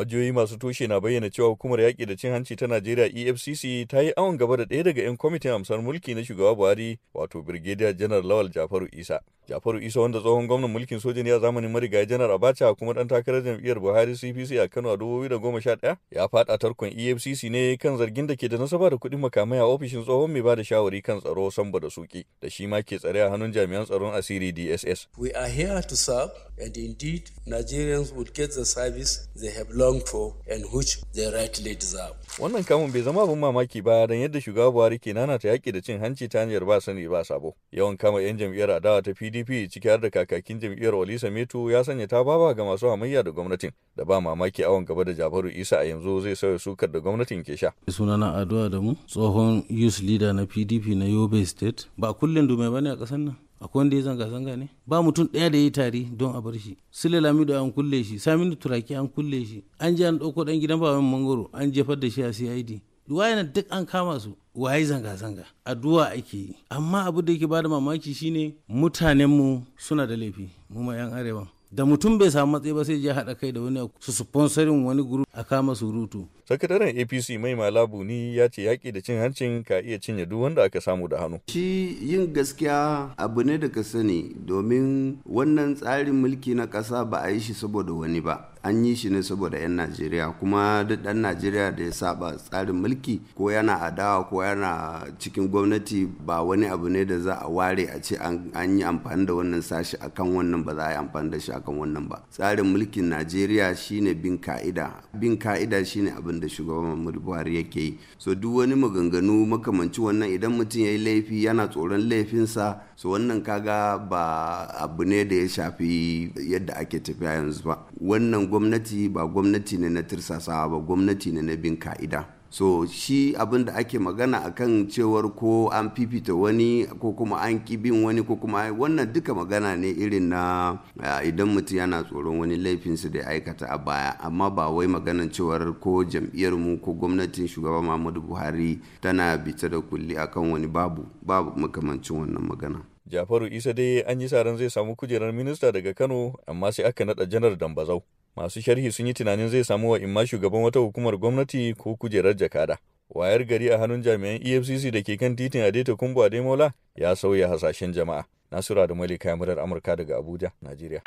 Majiyoyi masu tushe na bayyana cewa hukumar yaƙi da cin hanci ta Najeriya EFCC ta yi awon gaba da ɗaya daga 'yan kwamitin amsar mulki na shugaba Buhari wato Brigadier Janar Lawal Jafaru Isa. Jafaru Isa wanda tsohon gwamnan mulkin soja ne a zamanin marigayi Janar Abacha kuma ɗan takarar jam'iyyar Buhari CPC a Kano a 2011 ya faɗa tarkon EFCC ne kan zargin da ke da nasaba da kuɗin makamai a ofishin tsohon mai ba da shawari kan tsaro Samba da Suki da shi ma ke tsare a hannun jami'an tsaron asiri DSS. We are here to serve and indeed Nigerians would get the service they have long for and which they rightly deserve. Wannan kamun bai zama abin mamaki ba don yadda shugaba Buhari ke nana ta yaƙi da cin hanci ta hanyar ba sani ba sabo. Yawan kama 'yan jam'iyyar adawa ta PDP ciki har da kakakin jam'iyyar Walisa metu ya sanya ta baba ga masu hamayya da gwamnatin da ba mamaki awon gaba da Jafaru Isa a yanzu zai sauya sukar da gwamnatin ke sha. Sunana Adua Adamu tsohon youth leader na PDP na Yobe State ba kullum dume bane a ƙasar nan. akwai wanda ya zanga-zanga ne ba mutum ɗaya da ya tari don a bar shi sule lamido an kulle shi saminu turaki an kulle shi an ji an ɗauko ɗan gidan baban mangoro an jefar da shi a cid na duk an kama su waye zanga-zanga addu'a ake yi amma abu da yake bada mamaki shine mu suna da laifi mu ma 'yan arewa da mutum bai samu matsayi ba sai ya haɗa kai da wani su sponsorin wani guru a kama surutu. sakataren apc mai malabu ni ya ce yaƙi da cin hancin ka iya cinye duk wanda aka samu da hannu. shi yin gaskiya abu ne da ka sani domin wannan tsarin mulki na ƙasa ba a yi shi saboda wani ba an yi shi ne saboda 'yan najeriya kuma duk ɗan najeriya da ya saba tsarin mulki ko yana adawa ko yana cikin gwamnati ba wani abu ne da za a ware a ce an yi amfani da wannan sashi akan wannan ba za a yi amfani da shi akan wannan ba tsarin mulkin najeriya shine bin ka'ida bin ka'ida shine abin da shugaban buhari yake yi so duk wani maganganu makamanci wannan idan mutum ya yi laifi yana tsoron laifinsa so wannan kaga ba abu ne da ya shafi yadda ake tafiya yanzu ba wannan gwamnati ba gwamnati ne na tirsasawa ba gwamnati ne na bin ka'ida so shi abin da ake magana akan cewar ko an fifita wani ko kuma an kibin wani ko kuma wannan duka magana ne irin na eh, idan mutum yana tsoron wani laifinsu da aikata a baya amma ba wai maganan cewar ko jam'iyyar mu ko gwamnatin shugaba muhammadu buhari tana bita da kulli akan wani babu babu makamancin wannan magana Jafaru Isa dai an yi saran zai samu kujerar minista daga Kano amma sai aka naɗa janar Dambazau. Masu sharhi sun yi tunanin zai samu wa imma shugaban wata hukumar gwamnati ko kujerar jakada. Wayar gari a hannun jami'an EFCC da ke kan titin Adeta Kumbu Ademola ya sauya hasashen jama'a. Nasura da Malika Amurka daga Abuja, Najeriya.